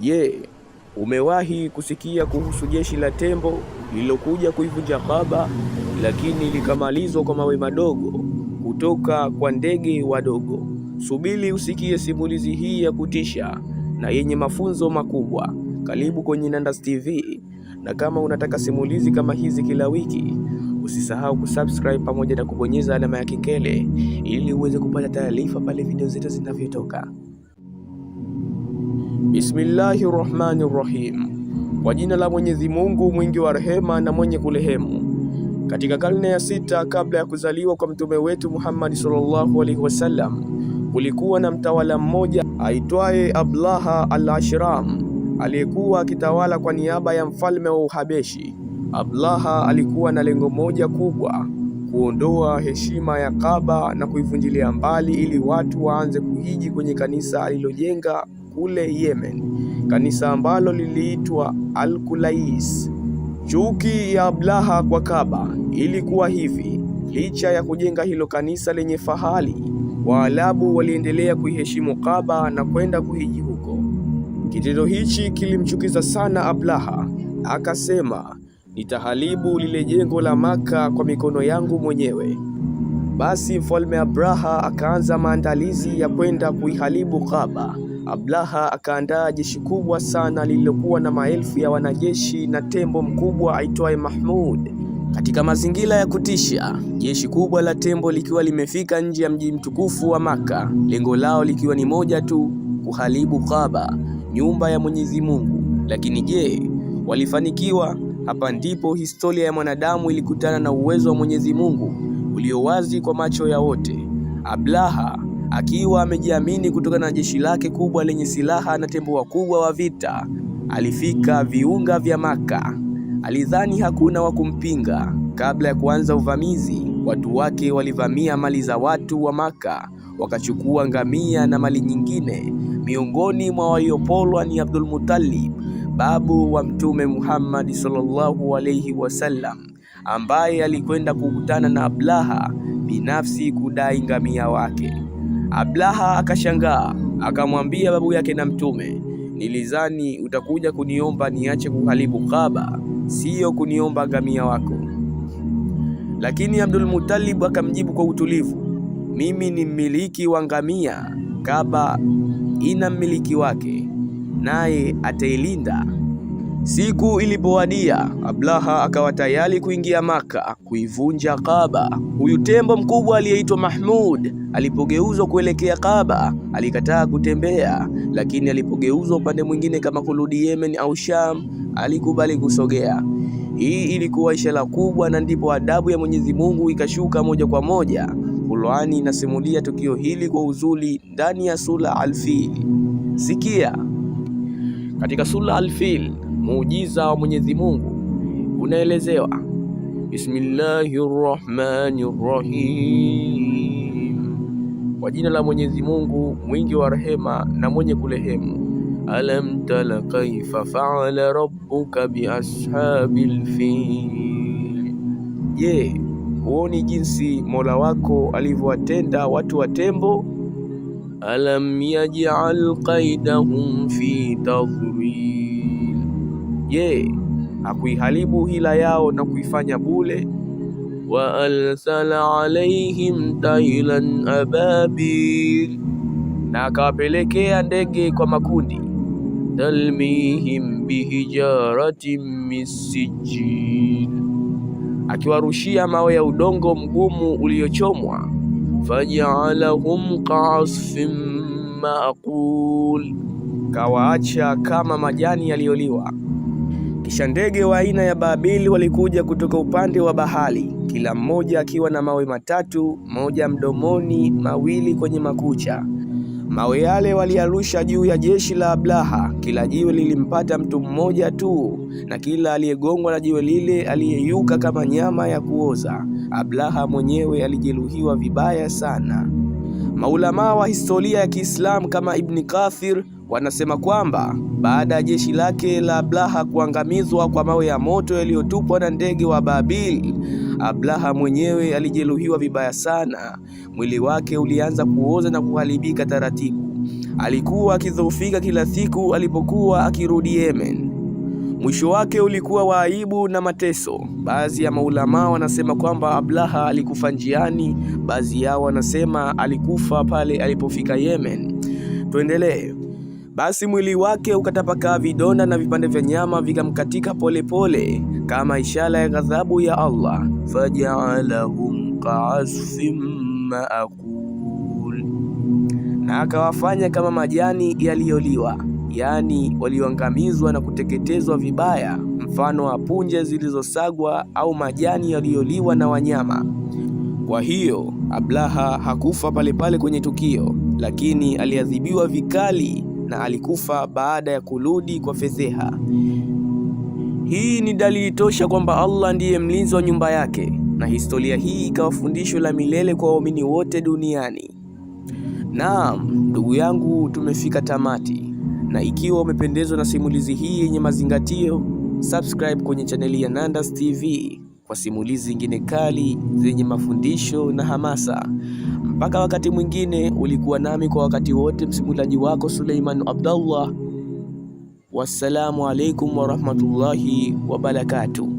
Je, umewahi kusikia kuhusu jeshi la tembo lililokuja kuivunja Kaaba lakini likamalizwa kwa mawe madogo kutoka kwa ndege wadogo? Subiri usikie simulizi hii ya kutisha na yenye mafunzo makubwa. Karibu kwenye Nandasi TV, na kama unataka simulizi kama hizi kila wiki, usisahau kusubscribe pamoja na kubonyeza alama ya kengele ili uweze kupata taarifa pale video zetu zinavyotoka. Bismillahi rahmani rahim, kwa jina la Mwenyezi Mungu mwingi wa rehema na mwenye kurehemu. Katika karne ya sita kabla ya kuzaliwa kwa mtume wetu Muhammad sallallahu alaihi wasallam, kulikuwa na mtawala mmoja aitwaye Ablaha al-Ashram aliyekuwa akitawala kwa niaba ya mfalme wa Uhabeshi. Ablaha alikuwa na lengo moja kubwa, kuondoa heshima ya Kaaba na kuivunjilia mbali ili watu waanze kuhiji kwenye kanisa alilojenga kule Yemen, kanisa ambalo liliitwa Al-Kulais. Chuki ya Ablaha kwa Kaba ilikuwa hivi: licha ya kujenga hilo kanisa lenye fahali, Waarabu waliendelea kuiheshimu Kaba na kwenda kuhiji huko. Kitendo hichi kilimchukiza sana Ablaha, akasema nitaharibu lile jengo la Maka kwa mikono yangu mwenyewe. Basi mfalme Abraha akaanza maandalizi ya kwenda kuiharibu Kaaba. Ablaha akaandaa jeshi kubwa sana lililokuwa na maelfu ya wanajeshi na tembo mkubwa aitwaye Mahmud. Katika mazingira ya kutisha, jeshi kubwa la tembo likiwa limefika nje ya mji mtukufu wa Maka, lengo lao likiwa ni moja tu, kuharibu Kaaba, nyumba ya Mwenyezi Mungu. Lakini je, walifanikiwa? Hapa ndipo historia ya mwanadamu ilikutana na uwezo wa Mwenyezi Mungu ulio wazi kwa macho ya wote. Ablaha akiwa amejiamini kutokana na jeshi lake kubwa lenye silaha na tembo wakubwa wa vita. Alifika viunga vya Maka, alidhani hakuna wa kumpinga. Kabla ya kuanza uvamizi, watu wake walivamia mali za watu wa Maka, wakachukua ngamia na mali nyingine. Miongoni mwa waliopolwa ni Abdul Muttalib, babu wa Mtume Muhammad sallallahu alayhi wasallam, ambaye alikwenda kukutana na Ablaha binafsi kudai ngamia wake. Ablaha akashangaa, akamwambia babu yake na Mtume, nilizani utakuja kuniomba niache kuharibu Kaaba, siyo kuniomba ngamia wako. Lakini Abdul Muttalib akamjibu kwa utulivu, mimi ni mmiliki wa ngamia. Kaaba ina mmiliki wake, naye atailinda. Siku ilipowadia, Ablaha akawa tayari kuingia Maka kuivunja Kaaba. Huyu tembo mkubwa aliyeitwa Mahmud alipogeuzwa kuelekea Kaaba alikataa kutembea, lakini alipogeuzwa upande mwingine kama kurudi Yemen au Sham alikubali kusogea. Hii ilikuwa ishara kubwa, na ndipo adabu ya Mwenyezi Mungu ikashuka moja kwa moja. Qur'ani inasimulia tukio hili kwa uzuri ndani ya sura Al-Fil. Sikia katika sura Al-Fil muujiza wa Mwenyezi Mungu unaelezewa, Bismillahir Rahmanir Rahim, kwa jina la Mwenyezi Mungu mwingi wa rehema na mwenye kurehemu. Alam tala kaifa faala rabbuka ashabil fil, je, huoni jinsi Mola wako alivyowatenda watu wa tembo? Alam yaj'al qaidahum fi tadlil Je, hakuiharibu hila yao na kuifanya bure? wa alsala alaihim tailan ababil, na akawapelekea ndege kwa makundi. talmihim bihijaratin misijil, akiwarushia mawe ya udongo mgumu uliochomwa. fajaalahum kaasfin maakul, kawaacha kama majani yaliyoliwa. Kisha ndege wa aina ya baabili walikuja kutoka upande wa bahari, kila mmoja akiwa na mawe matatu, moja mdomoni, mawili kwenye makucha. Mawe yale waliarusha juu ya jeshi la Abraha. Kila jiwe lilimpata mtu mmoja tu, na kila aliyegongwa na jiwe lile aliyeyuka kama nyama ya kuoza. Abraha mwenyewe alijeruhiwa vibaya sana. Maulamaa wa historia ya Kiislamu kama Ibni Kathir wanasema kwamba baada ya jeshi lake la Abraha kuangamizwa kwa mawe ya moto yaliyotupwa na ndege wa Babil, Abraha mwenyewe alijeruhiwa vibaya sana. Mwili wake ulianza kuoza na kuharibika taratibu. Alikuwa akidhoofika kila siku alipokuwa akirudi Yemen. Mwisho wake ulikuwa wa aibu na mateso. Baadhi ya maulamaa wanasema kwamba Abraha alikufa njiani, baadhi yao wanasema alikufa pale alipofika Yemen. Tuendelee. Basi mwili wake ukatapakaa vidonda na vipande vya nyama vikamkatika polepole kama ishara ya ghadhabu ya Allah. Fajaalahum kaasfin maakul, na akawafanya kama majani yaliyoliwa, yaani walioangamizwa na kuteketezwa vibaya, mfano wa punje zilizosagwa au majani yaliyoliwa na wanyama. Kwa hiyo Ablaha hakufa palepale kwenye tukio, lakini aliadhibiwa vikali na alikufa baada ya kurudi kwa fedheha. Hii ni dalili tosha kwamba Allah ndiye mlinzi wa nyumba yake, na historia hii ikawa fundisho la milele kwa waumini wote duniani. Naam, ndugu yangu, tumefika tamati, na ikiwa umependezwa na simulizi hii yenye mazingatio, subscribe kwenye chaneli ya Nandasi TV kwa simulizi zingine kali zenye mafundisho na hamasa. Mpaka wakati mwingine, ulikuwa nami kwa wakati wote, msimulaji wako Suleiman Abdallah. Wassalamu alaikum warahmatullahi wabarakatuh.